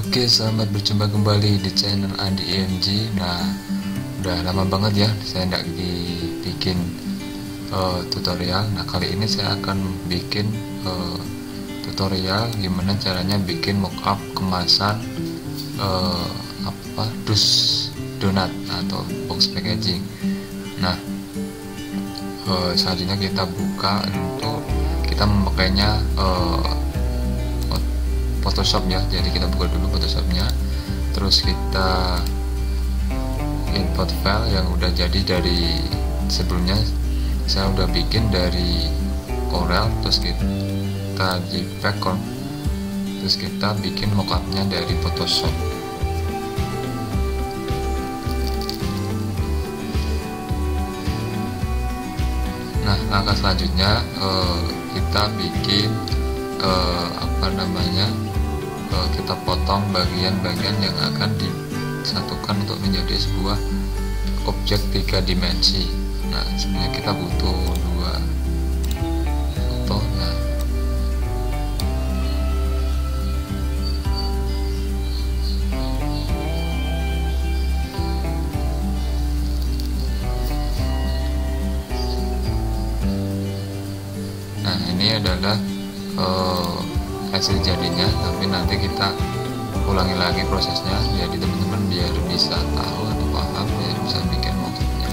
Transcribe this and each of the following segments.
Oke, selamat berjumpa kembali di channel Andi IMG. Nah, udah lama banget ya saya tidak dibikin uh, eh, tutorial. Nah, kali ini saya akan bikin uh, tutorial gimana caranya bikin mockup kemasan uh, apa dus donat atau box packaging. Nah, uh, selanjutnya kita buka untuk kita memakainya uh, Photoshop ya jadi kita buka dulu Photoshopnya terus kita input file yang udah jadi dari sebelumnya saya udah bikin dari Corel terus kita di JPEG terus kita bikin mockupnya dari Photoshop nah langkah selanjutnya eh, kita bikin eh, apa namanya kita potong bagian-bagian yang akan disatukan untuk menjadi sebuah objek tiga dimensi nah sebenarnya kita butuh dua contohnya nah Nah, ini adalah uh, hasil jadinya tapi nanti kita ulangi lagi prosesnya jadi teman-teman biar bisa tahu atau paham biar bisa bikin maksudnya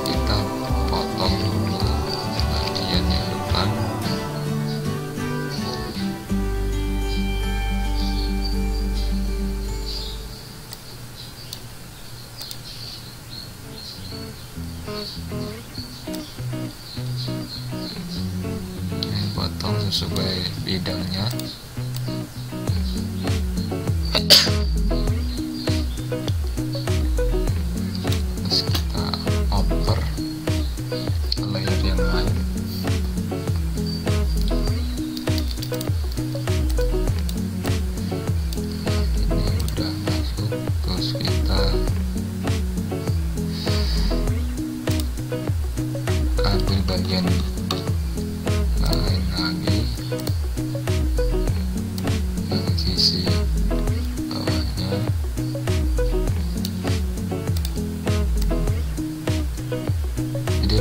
kita potong dulu bagian yang depan Thank you. 所谓，领域。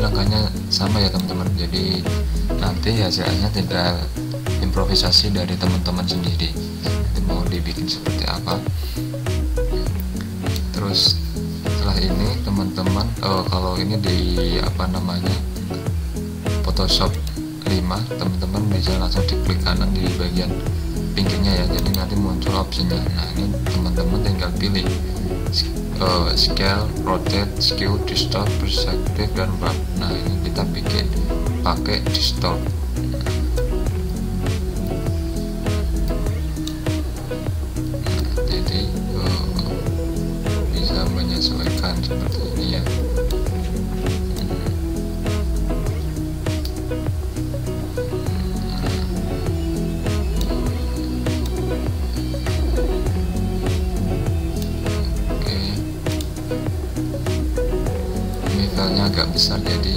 langkahnya sama ya teman-teman jadi nanti hasilnya tidak improvisasi dari teman-teman sendiri nanti mau dibikin seperti apa terus setelah ini teman-teman oh, kalau ini di apa namanya Photoshop 5 teman-teman bisa langsung diklik kanan di bagian pinggirnya ya jadi nanti muncul opsinya nah ini teman-teman tinggal pilih uh, scale, rotate, skew, distort, perspective dan warp nah ini kita bikin pakai distort agak besar jadi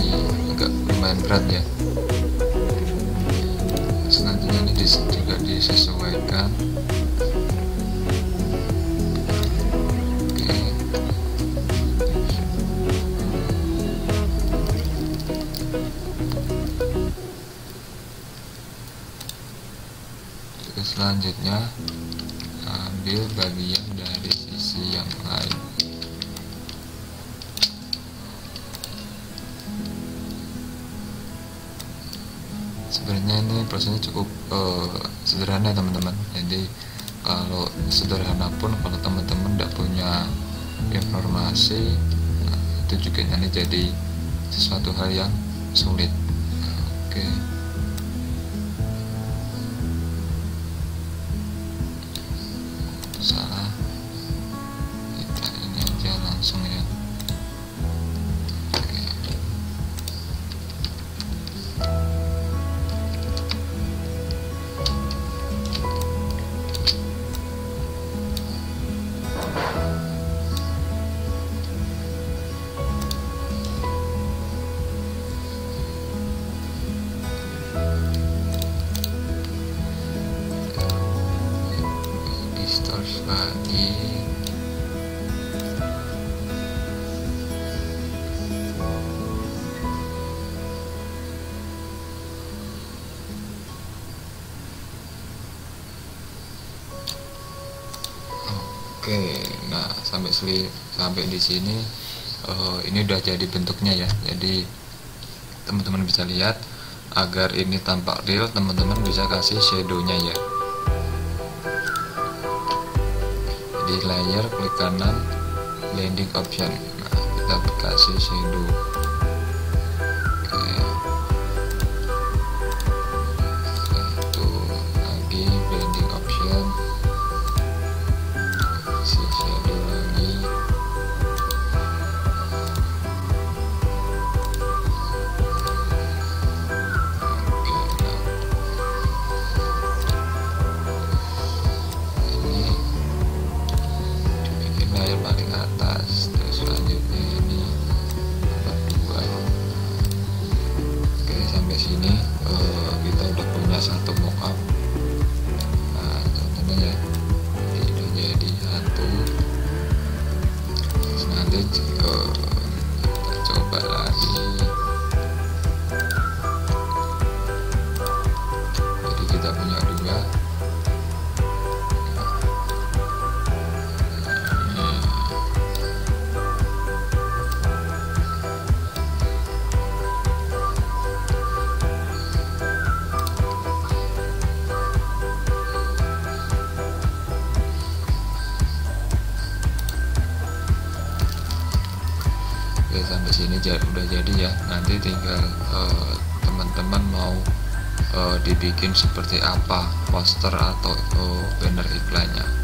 agak lumayan berat ya selanjutnya ini juga disesuaikan selanjutnya ambil bagian dari sisi yang prosesnya cukup uh, sederhana teman-teman jadi kalau sederhana pun kalau teman-teman tidak punya informasi nah, itu juga nanti jadi sesuatu hal yang sulit oke okay. Oke, nah sampai sini sampai di sini uh, ini udah jadi bentuknya ya. Jadi teman-teman bisa lihat agar ini tampak real, teman-teman bisa kasih shadownya ya. Jadi layer klik kanan blending option. Nah, kita kasih shadow. oke sampai sini udah jadi ya nanti tinggal eh, teman-teman uh, mau uh, dibikin seperti apa poster atau uh, banner iklannya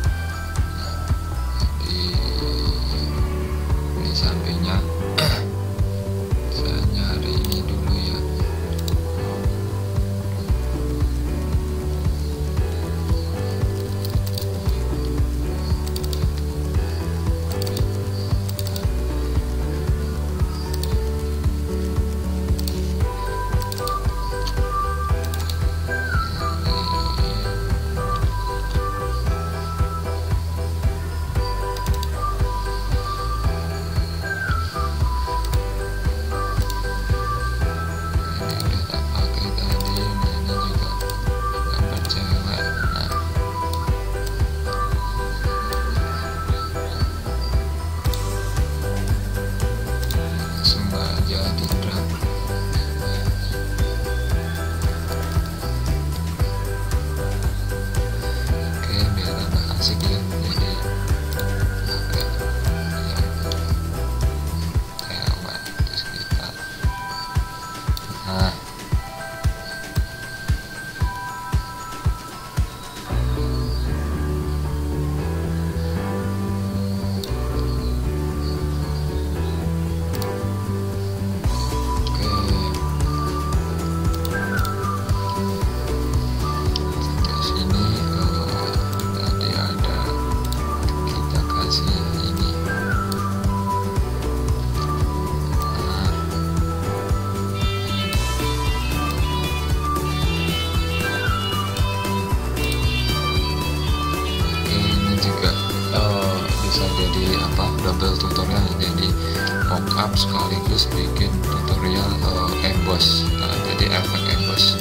di efek emboss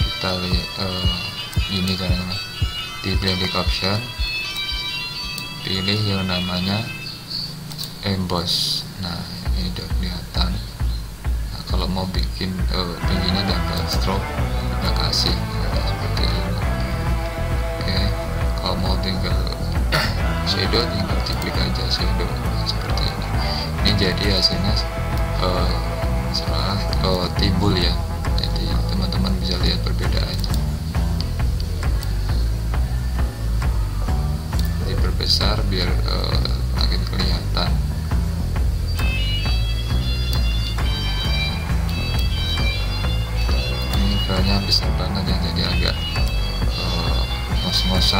kita lihat uh, ini kan di blending option pilih yang namanya emboss nah ini udah kelihatan nah, kalau mau bikin uh, dan double stroke kita kasih nah, seperti ini oke kalau mau tinggal shadow tinggal klik aja shadow nah, seperti ini ini jadi hasilnya uh, salah uh, timbul ya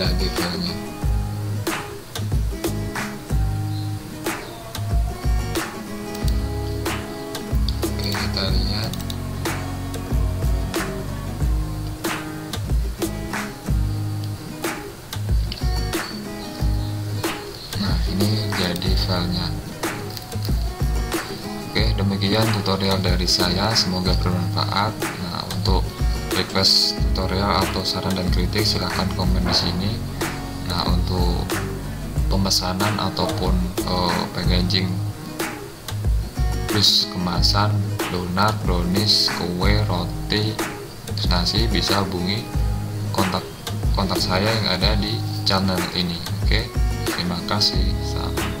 lagi kita lihat nah ini jadi filenya oke demikian tutorial dari saya semoga bermanfaat nah untuk request tutorial atau saran dan kritik silahkan komen di sini. Nah untuk pemesanan ataupun uh, packaging plus kemasan donat, brownies, kue, roti, nasi bisa hubungi kontak kontak saya yang ada di channel ini. Oke, terima kasih. Salam.